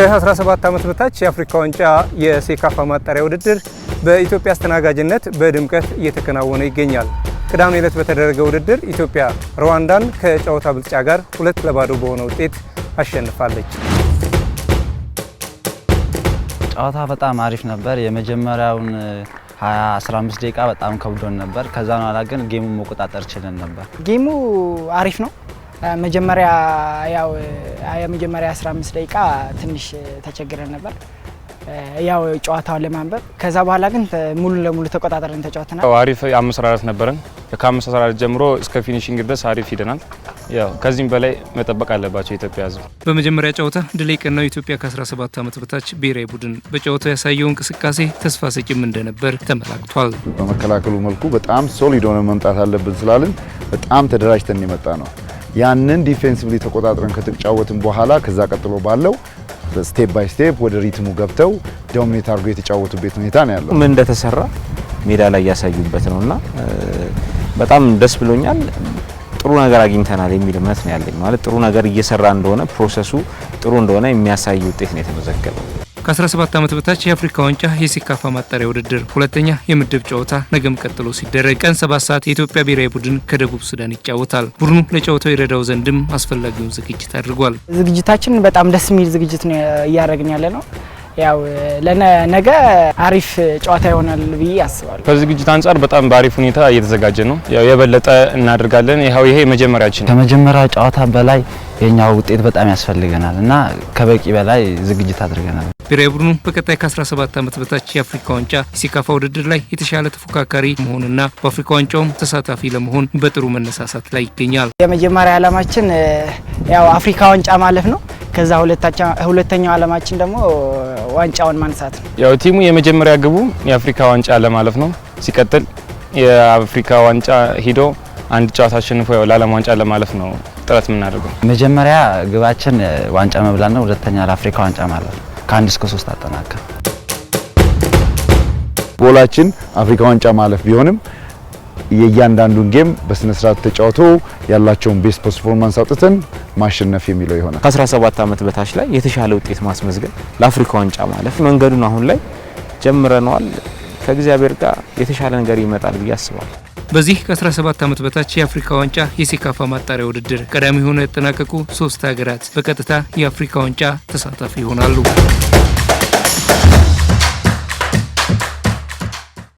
ከ17 ዓመት በታች የአፍሪካ ዋንጫ የሴካፋ ማጣሪያ ውድድር በኢትዮጵያ አስተናጋጅነት በድምቀት እየተከናወነ ይገኛል። ቅዳሜ ዕለት በተደረገ ውድድር ኢትዮጵያ ሩዋንዳን ከጨዋታ ብልጫ ጋር ሁለት ለባዶ በሆነ ውጤት አሸንፋለች። ጨዋታ በጣም አሪፍ ነበር። የመጀመሪያውን 15 ደቂቃ በጣም ከብዶን ነበር። ከዛ በኋላ ግን ጌሙ መቆጣጠር ችለን ነበር። ጌሙ አሪፍ ነው። መጀመሪያ ያው የመጀመሪያ 15 ደቂቃ ትንሽ ተቸግረን ነበር ያው ጨዋታውን ለማንበብ ከዛ በኋላ ግን ሙሉ ለሙሉ ተቆጣጠረን ተጫወተናል። አሪፍ አምስት አራት ነበረን። ከአምስት አራት ጀምሮ እስከ ፊኒሽንግ ድረስ አሪፍ ሂደናል። ያው ከዚህም በላይ መጠበቅ አለባቸው የኢትዮጵያ ሕዝብ። በመጀመሪያ ጨዋታ ድል የቀናው ኢትዮጵያ ከ17 ዓመት በታች ብሔራዊ ቡድን በጨዋታው ያሳየው እንቅስቃሴ ተስፋ ሰጪም እንደነበር ተመላክቷል። በመከላከሉ መልኩ በጣም ሶሊድ ሆነ መምጣት አለብን ስላልን በጣም ተደራጅተን የመጣ ነው ያንን ዲፌንሲቭሊ ተቆጣጥረን ከተጫወትን በኋላ ከዛ ቀጥሎ ባለው ስቴፕ ባይ ስቴፕ ወደ ሪትሙ ገብተው ዶሚኔት አድርገው የተጫወቱበት ሁኔታ ነው ያለው። ምን እንደተሰራ ሜዳ ላይ ያሳዩበት ነውና በጣም ደስ ብሎኛል። ጥሩ ነገር አግኝተናል የሚል እምነት ነው ያለኝ። ማለት ጥሩ ነገር እየሰራ እንደሆነ ፕሮሰሱ ጥሩ እንደሆነ የሚያሳይ ውጤት ነው የተመዘገበው። ከ17 ዓመት በታች የአፍሪካ ዋንጫ የሴካፋ ማጣሪያ ውድድር ሁለተኛ የምድብ ጨዋታ ነገም ቀጥሎ ሲደረግ ቀን 7 ሰዓት የኢትዮጵያ ብሔራዊ ቡድን ከደቡብ ሱዳን ይጫወታል። ቡድኑ ለጨዋታው ይረዳው ዘንድም አስፈላጊውን ዝግጅት አድርጓል። ዝግጅታችን በጣም ደስ የሚል ዝግጅት ነው እያደረግን ያለ ነው። ያው ለነገ አሪፍ ጨዋታ ይሆናል ብዬ አስባለሁ። ከዝግጅት አንጻር በጣም በአሪፍ ሁኔታ እየተዘጋጀ ነው። ያው የበለጠ እናደርጋለን። ይኸው ይሄ መጀመሪያችን ከመጀመሪያ ጨዋታ በላይ የኛው ውጤት በጣም ያስፈልገናል እና ከበቂ በላይ ዝግጅት አድርገናል። ብሔራዊ ቡድኑ በቀጣይ ከ17 ዓመት በታች የአፍሪካ ዋንጫ የሴካፋ ውድድር ላይ የተሻለ ተፎካካሪ መሆንና በአፍሪካ ዋንጫውም ተሳታፊ ለመሆን በጥሩ መነሳሳት ላይ ይገኛል። የመጀመሪያ ዓላማችን ያው አፍሪካ ዋንጫ ማለፍ ነው። ከዛ ሁለተኛው ዓላማችን ደግሞ ዋንጫውን ማንሳት ነው። ያው ቲሙ የመጀመሪያ ግቡ የአፍሪካ ዋንጫ ለማለፍ ነው። ሲቀጥል የአፍሪካ ዋንጫ ሂዶ አንድ ጨዋታ አሸንፎ ያው ለዓለም ዋንጫ ለማለፍ ነው ጥረት የምናደርገው። መጀመሪያ ግባችን ዋንጫ መብላት ነው። ሁለተኛ ለአፍሪካ ዋንጫ ማለፍ ነው። ከአንድ እስከ ሶስት አጠናከር። ቦላችን አፍሪካ ዋንጫ ማለፍ ቢሆንም የእያንዳንዱን ጌም በስነ ስርዓት ተጫውቶ ያላቸውን ቤስት ፐርፎርማንስ አውጥተን ማሸነፍ የሚለው ይሆናል። ከ17 ዓመት በታች ላይ የተሻለ ውጤት ማስመዝገብ ለአፍሪካ ዋንጫ ማለፍ መንገዱን አሁን ላይ ጀምረነዋል። ከእግዚአብሔር ጋር የተሻለ ነገር ይመጣል ብዬ አስባለሁ። በዚህ ከ17 ዓመት በታች የአፍሪካ ዋንጫ የሴካፋ ማጣሪያ ውድድር ቀዳሚ ሆነው ያጠናቀቁ ሶስት ሀገራት በቀጥታ የአፍሪካ ዋንጫ ተሳታፊ ይሆናሉ።